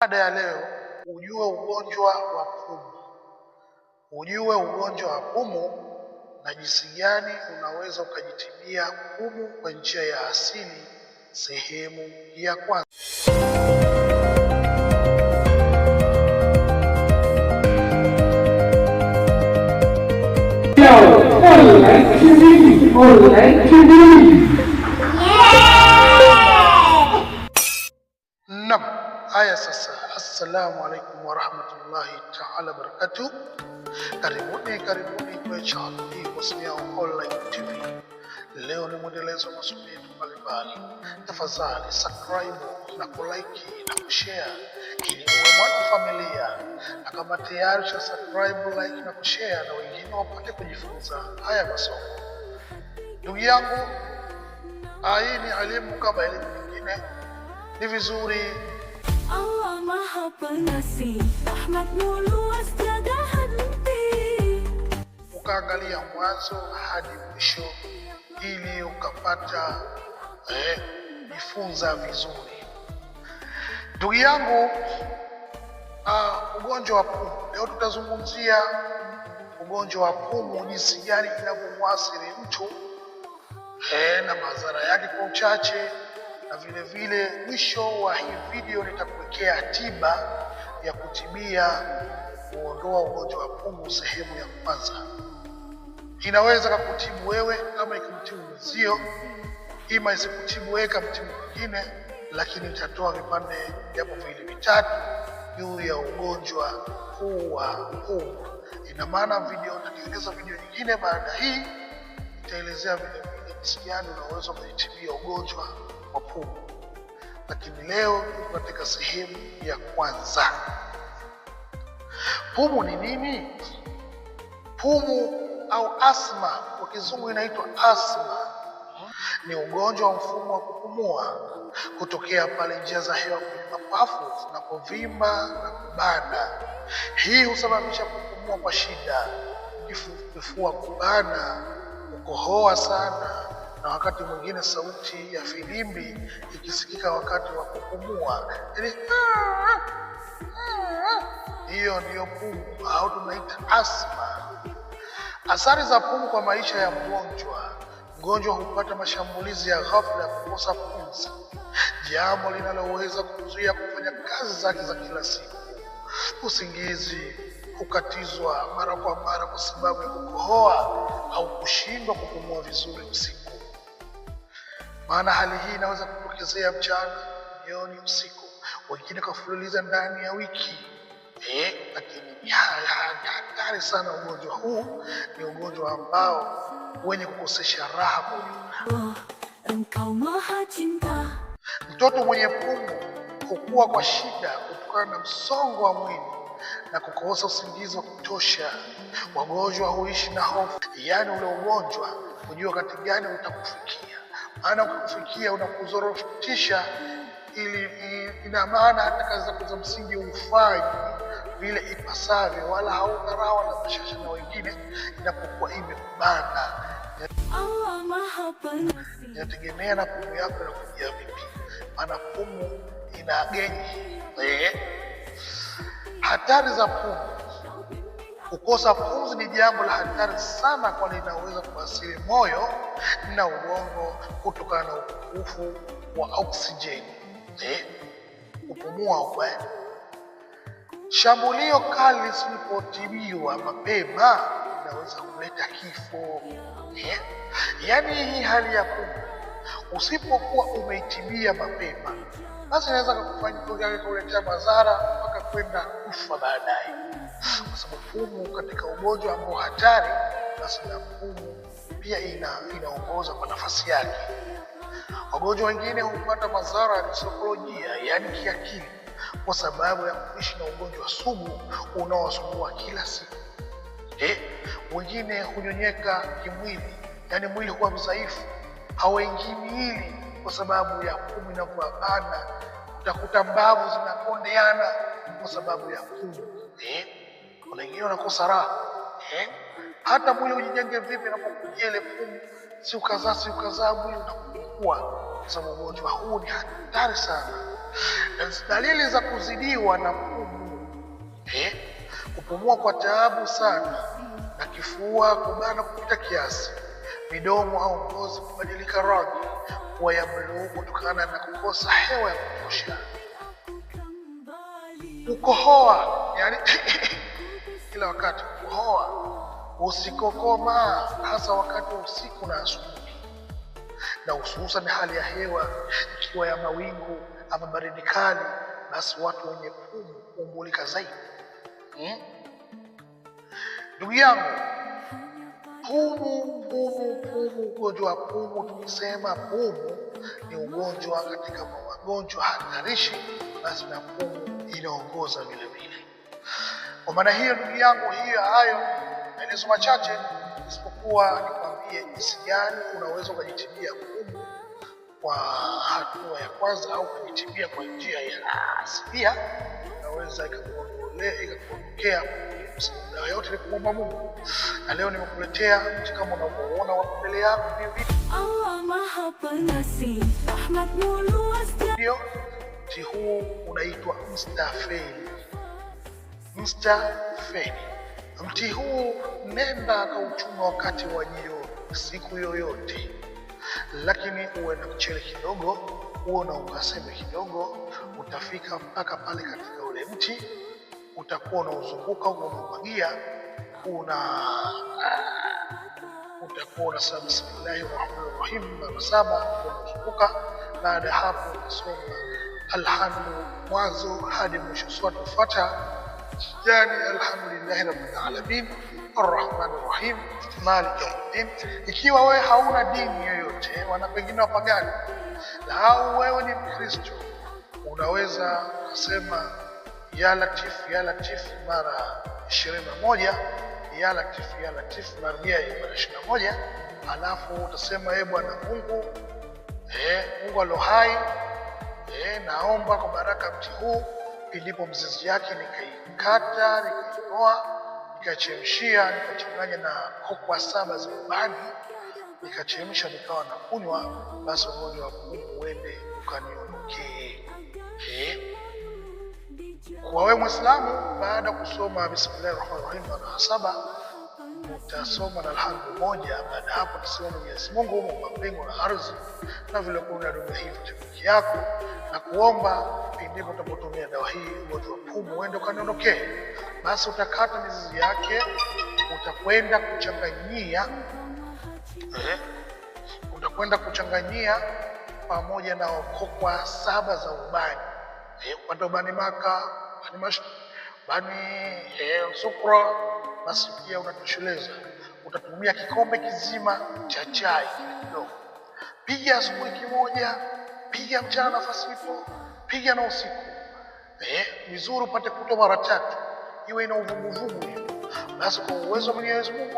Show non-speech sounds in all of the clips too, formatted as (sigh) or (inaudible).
Baada ya leo ujue ugonjwa wa pumu, ujue ugonjwa wa pumu na jinsi gani unaweza ukajitibia pumu kwa njia ya asili. Sehemu ya kwanza. Assalamu alaikum warahmatullahi taala wabarakatuh. Karibuni, karibuni kwenye channel hii Wasmia Online TV. Leo ni mwendelezo wa masomo yetu mbalimbali. Tafadhali subscribe na kulike na kushare ili uwe familia, na kama tayari sha subscribe, like na kushare na wengine wapate kujifunza haya masomo. Ndugu yangu, ah, hii ni elimu kama elimu nyingine, ni vizuri آه محبة نسي أحمد ukaangalia mwanzo hadi mwisho ili ukapata eh, jifunza vizuri. Ndugu yangu, uh, ugonjwa wa pumu leo tutazungumzia ugonjwa wa pumu, jinsi gani inavyomwasiri mtu eh, na madhara yake kwa uchache na vile vile mwisho wa hii video nitakuwekea tiba ya kutibia kuondoa ugonjwa wa pumu sehemu ya kwanza. Inaweza kakutibu wewe kama ikimtibu mzio, ima isikutibu wewe kamtibu mwingine, lakini itatoa vipande japo viwili vitatu juu ya ugonjwa huu wa pumu. Ina maana video, nitaongeza video nyingine baada hii, itaelezea vile jinsi gani unaweza ukaitibia ugonjwa wa pumu. Lakini leo tuko katika sehemu ya kwanza. Pumu ni nini? Pumu au asma kwa kizungu inaitwa asma ni ugonjwa wa mfumo wa kupumua kutokea pale njia za hewa kwenye mapafu zinapovimba na kubana. Hii husababisha kupumua kwa shida, kifua kubana, kukohoa sana na wakati mwingine sauti ya filimbi ikisikika wakati wa kupumua, yaani hiyo ndiyo pumu au tunaita asma. Athari za pumu kwa maisha ya mgonjwa: mgonjwa hupata mashambulizi ya ghafla ya kukosa pumzi, jambo linaloweza kuzuia kufanya kazi zake za kila siku. Usingizi hukatizwa mara kwa mara kwa sababu ya kukohoa au kushindwa kupumua vizuri usiku. Maana hali hii inaweza kutokezea mchana, jioni, usiku, wengine kafululiza ndani ya wiki eh, lakini ni hatari sana. Ugonjwa huu ni ugonjwa ambao wenye kukosesha raha kwa ujumla. Oh, Mtoto mwenye pumu hukua kwa shida kutokana na msongo wa mwili na kukosa usingizi wa kutosha. Wagonjwa huishi na hofu, yaani ule ugonjwa hujua wakati gani utakufikia anakufikia unakuzorotisha ili ina maana hata kazi zako za msingi ufanyi vile ipasavyo, wala hauna na mashasha na wengine inapokuwa imekubana. Inategemea na pumu yako kujia vipi, maana pumu ina genyi. Eh? Hatari za pumu Kukosa pumzi ni jambo la hatari sana, kwani linaweza kuathiri moyo na ubongo kutokana na upungufu wa oksijeni. Eh, kupumua huko. Shambulio kali lisipotibiwa mapema inaweza kuleta kifo. Eh, yaani hii hali ya pumu usipokuwa umeitibia mapema, basi inaweza kukufanya kuletea madhara mpaka kwenda kufa baadaye kwa sababu pumu katika ugonjwa ambao hatari, na pumu pia ina inaongoza kwa nafasi yake. Wagonjwa wengine hupata madhara ya kisaikolojia, yaani kiakili, kwa sababu ya kuishi na ugonjwa sugu unaosumbua kila siku. Eh, wengine hunyonyeka kimwili, yaani mwili huwa mdhaifu, hawaingii miili kwa sababu ya fumu inavyobana. Utakuta mbavu zinakondeana kwa sababu ya fumu eh unaingia unakosa raha eh? Hata mwili ujijenge vipi, unapokuja ile pumu, si ukazaa si ukazaa, mwili unakuwa kwa sababu ugonjwa huu ni hatari sana, na dalili za kuzidiwa na pumu eh? kupumua kwa taabu sana na kifua kubana kupita kiasi, midomo au ngozi kubadilika rangi kuwa ya bluu kutokana na kukosa hewa ya kutosha, kukohoa yani (coughs) kila wakati, kuhoa usikokoma, hasa wakati wa usiku na asubuhi, na hususan hali ya hewa ikiwa ya mawingu ama baridi kali, basi watu wenye pumu huumbulika zaidi. Hmm? Ndugu hmm? yangu, pumu pumu pumu, ugonjwa wa pumu, tukisema pumu ni ugonjwa katika magonjwa hatarishi, basi na pumu inaongoza vilevile. Kwa maana hiyo, ndugu yangu, hiyo hayo maelezo machache, isipokuwa nikwambie jinsi gani unaweza ukajitibia kumu kwa hatua ya kwanza, au ukajitibia kwa njia ya asilia, unaweza ikakuondokea na yote ni kumwomba Mungu. Na leo nimekuletea kama unavyoona wako mbele yako ndio mti huu unaitwa mstafeli. Feni. Mti huu nenda akauchuma wakati wa jio siku yoyote, lakini uwe na mchele kidogo, uwe na ukaseme kidogo. Utafika mpaka pale katika ule mti, utakuwa unauzunguka huko, unaumwagia una ah, utakuwa unasema bismillahi rahmani rahim mara saba, kuzunguka. Baada ya hapo, unasoma alhamdu mwanzo hadi mwisho, sura tufuata yani alhamdulillahi rabbil alamin arrahman arrahim maliki yaumiddin. Ikiwa wewe hauna dini yoyote, wana pengine wapagani, na au wewe ni Mkristo, unaweza kusema ya Latif ya Latif mara ishirini na moja ya Latif ya Latif mara mia mara ishirini na moja alafu utasema ee Bwana Mungu, eh, Mungu alo hai, eh, naomba kwa baraka mti huu ilipo mzizi yake, nikaikata, nikaitoa, nikachemshia, nikachanganya na kokwa saba za ubani, nikachemsha, nikawa na kunywa, basi ugonjwa wa kudumu uende ukaniondokee. Okay. Eh? Kwa wewe Mwislamu, baada ya kusoma bismillahi rahmani rahim mara saba utasoma na alhamdu moja. Baada hapo, tusimama Mwenyezi Mungu, Mungu na ardhi, na vile kuna dunia hii vitu yako na kuomba ndipo utapotumia dawa hii, ugonjwa wa pumu uende ukaniondokee. Basi utakata mizizi yake, utakwenda kuchanganyia eh, utakwenda kuchanganyia pamoja na kokwa saba za ubani eh, upande ubani maka bani mash, bani eh, sukra. Basi pia unatosheleza, utatumia kikombe kizima cha chai kidogo, piga asubuhi kimoja piga mchana ipo, piga na usiku eh, vizuri upate kuto mara tatu, iwe ina uvuguvugu. Basi kwa uwezo wa Mwenyezi Mungu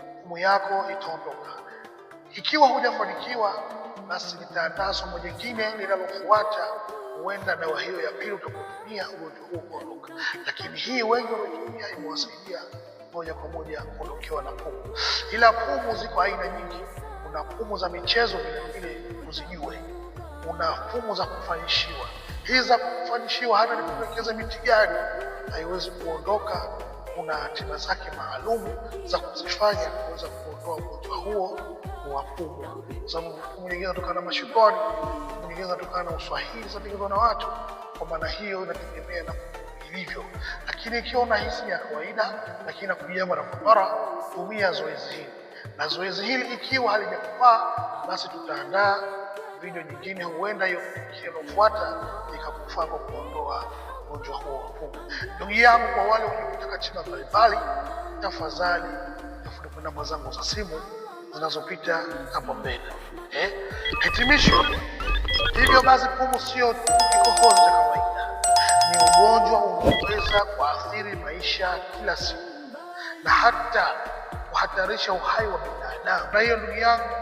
hukumu yako itaondoka. Ikiwa hujafanikiwa, basi nitaandaa somo jingine linalofuata. Huenda dawa hiyo ya pili utakutumia ugonjwa huo kuondoka, lakini hii wengi wametumia, imewasaidia moja kwa moja kuondokewa na pumu. Ila pumu ziko aina nyingi, kuna pumu za michezo vilevile, tuzijue una fomu za kufanishiwa. Hizi za kufanishiwa, hata nikuelekeze miti gani, haiwezi kuondoka. Kuna tiba zake maalum za kuzifanya kuweza kuondoa ugonjwa huo wa pumu, kwa sababu pumu nyingine inatokana na mashukoni, nyingine inatokana na uswahili, zinatengenezwa na watu. Kwa maana hiyo inategemea na ilivyo, lakini ikiwa na hisi ya kawaida lakini nakujia mara kwa mara, tumia zoezi hili, na zoezi hili ikiwa halijakufaa, basi tutaandaa video nyingine, huenda hiyo inayofuata ikakufaa kwa kuondoa ugonjwa huo wa pumu. Ndugu yangu, kwa wale wanaotaka tiba mbalimbali, tafadhali tafuta namba zangu za simu zinazopita hapo mbele. Eh, hitimisho. Hivyo basi, pumu sio tu kikohozi cha kawaida, ni ugonjwa unaoweza kuathiri maisha kila siku na hata kuhatarisha uhai wa binadamu. Na hiyo ndugu yangu